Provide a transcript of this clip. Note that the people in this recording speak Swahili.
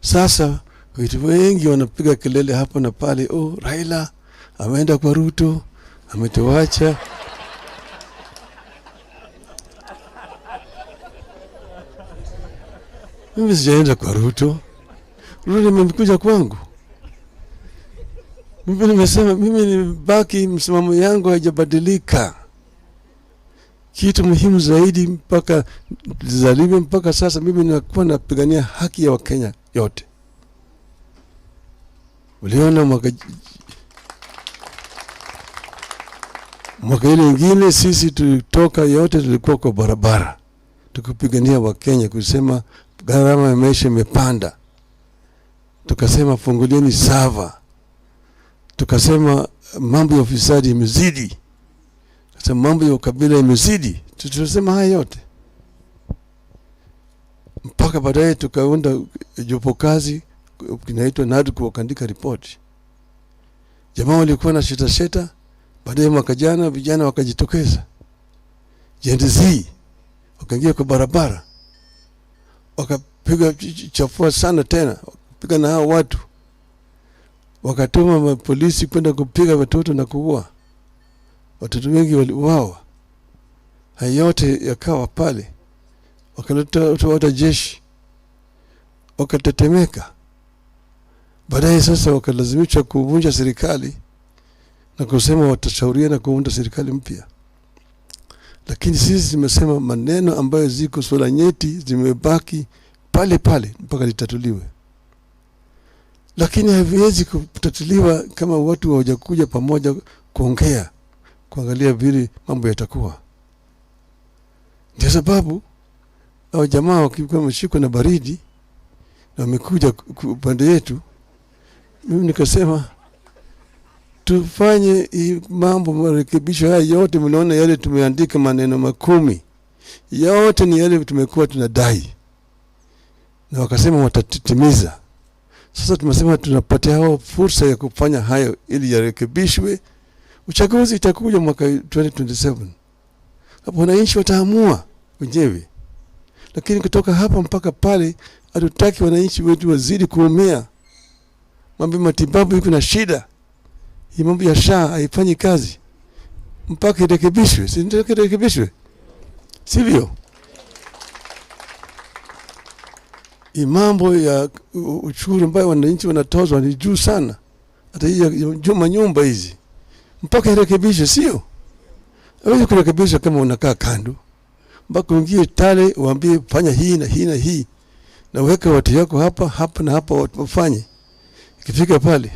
Sasa watu wengi wanapiga kelele hapa na pale, oh, Raila ameenda kwa Ruto, ametuacha. Mimi sijaenda kwa Ruto, Ruto nimekuja kwangu. Mimi nimesema, mimi nibaki msimamo yangu haijabadilika. Kitu muhimu zaidi mpaka zalivyo mpaka sasa, mimi nakuwa napigania haki ya Wakenya yote. Uliona mwaka mwaka ile ingine sisi tulitoka yote, tulikuwa kwa barabara tukipigania Wakenya kusema gharama ya maisha imepanda, tukasema fungulieni sava, tukasema mambo ya ufisadi imezidi, tukasema mambo ya ukabila imezidi. Tulisema haya yote mpaka baadaye tukaunda jopo kazi kinaitwa NADCO wakaandika ripoti. Jamaa walikuwa na sheta sheta, baadaye mwaka jana vijana wakajitokeza, Gen Z wakaingia kwa barabara, wakapiga chafua sana tena, wakapiga na hao watu, wakatuma polisi kwenda kupiga watoto na kuua watoto, wengi waliuawa. hayote yote yakawa pale, wakaleta watu jeshi wakatetemeka. Baadaye sasa wakalazimishwa kuvunja serikali na kusema watashauriana kuunda serikali mpya. Lakini sisi zimesema maneno ambayo ziko swala nyeti zimebaki pale pale mpaka litatuliwe, lakini haviwezi kutatuliwa kama watu hawajakuja pamoja kuongea, kuangalia vile mambo yatakuwa. Ndio sababu au jamaa wakikuwa wameshikwa na baridi wamekuja upande yetu, mimi nikasema tufanye mambo marekebisho haya yote. Mnaona yale tumeandika maneno makumi yote ni yale tumekuwa tunadai, na wakasema watatimiza. Sasa tumesema tunapatia hao fursa ya kufanya hayo ili yarekebishwe. Uchaguzi itakuja mwaka 2027 hapo wananchi wataamua wenyewe, lakini kutoka hapa mpaka pale Hatutaki wananchi wetu wazidi kuumia, mambo ya matibabu iko na shida. Hii mambo ya SHA haifanyi kazi mpaka irekebishwe, si irekebishwe, sivyo? Hii mambo ya ushuru ambayo wananchi wanatozwa ni juu sana, hata hii juma nyumba hizi mpaka irekebishwe, sio? Hawezi kurekebisha kama unakaa kando mpaka uingie tale uambie fanya hii na hii na hii na weka watu yako hapa hapa na hapa, watu wafanye ikifika pale